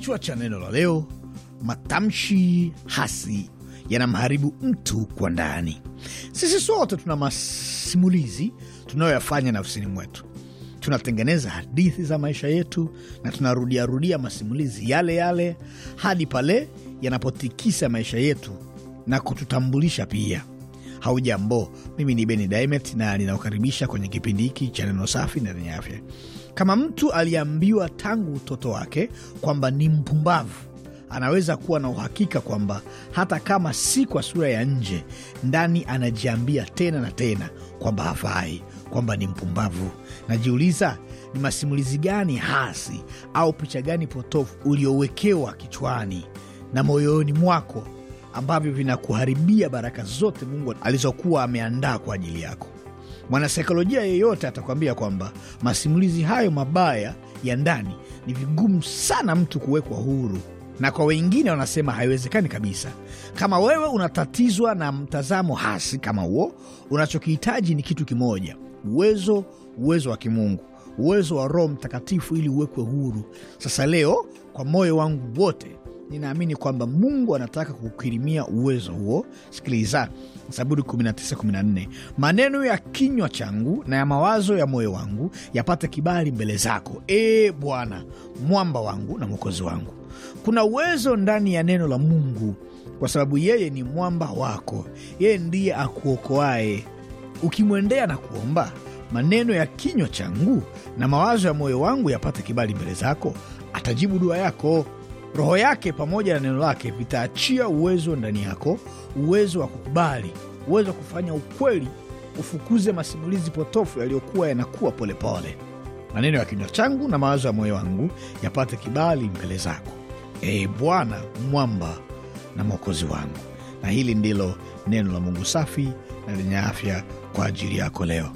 Kichwa cha neno la leo: matamshi hasi yanamharibu mtu kwa ndani. Sisi sote tuna masimulizi tunayoyafanya nafsini mwetu. Tunatengeneza hadithi za maisha yetu na tunarudiarudia masimulizi yale yale hadi pale yanapotikisa maisha yetu na kututambulisha pia. Haujambo, mimi ni Beni Dimet na ninakukaribisha kwenye kipindi hiki cha neno safi na lenye afya. Kama mtu aliambiwa tangu utoto wake kwamba ni mpumbavu, anaweza kuwa na uhakika kwamba hata kama si kwa sura ya nje, ndani anajiambia tena na tena kwamba hafai, kwamba ni mpumbavu. Najiuliza, ni masimulizi gani hasi au picha gani potofu uliowekewa kichwani na moyoni mwako ambavyo vinakuharibia baraka zote Mungu alizokuwa ameandaa kwa ajili yako. Mwanasaikolojia yeyote atakwambia kwamba masimulizi hayo mabaya ya ndani ni vigumu sana mtu kuwekwa huru, na kwa wengine wanasema haiwezekani kabisa. Kama wewe unatatizwa na mtazamo hasi kama huo, unachokihitaji ni kitu kimoja: uwezo, uwezo wa kimungu, uwezo wa Roho Mtakatifu ili uwekwe huru. Sasa leo, kwa moyo wangu wote ninaamini kwamba Mungu anataka kukirimia uwezo huo. Sikiliza Zaburi 19:14, maneno ya kinywa changu na ya mawazo ya moyo wangu yapate kibali mbele zako, e Bwana, mwamba wangu na mwokozi wangu. Kuna uwezo ndani ya neno la Mungu kwa sababu yeye ni mwamba wako, yeye ndiye akuokoaye. Ukimwendea na kuomba, maneno ya kinywa changu na mawazo ya moyo wangu yapate kibali mbele zako, atajibu dua yako. Roho yake pamoja na neno lake vitaachia uwezo ndani yako, uwezo wa kukubali, uwezo wa kufanya ukweli ufukuze masimulizi potofu yaliyokuwa yanakuwa polepole. Maneno ya kinywa changu na mawazo ya moyo wangu yapate kibali mbele zako, Ee Bwana, mwamba na mwokozi wangu. Na hili ndilo neno la Mungu safi na lenye afya kwa ajili yako leo.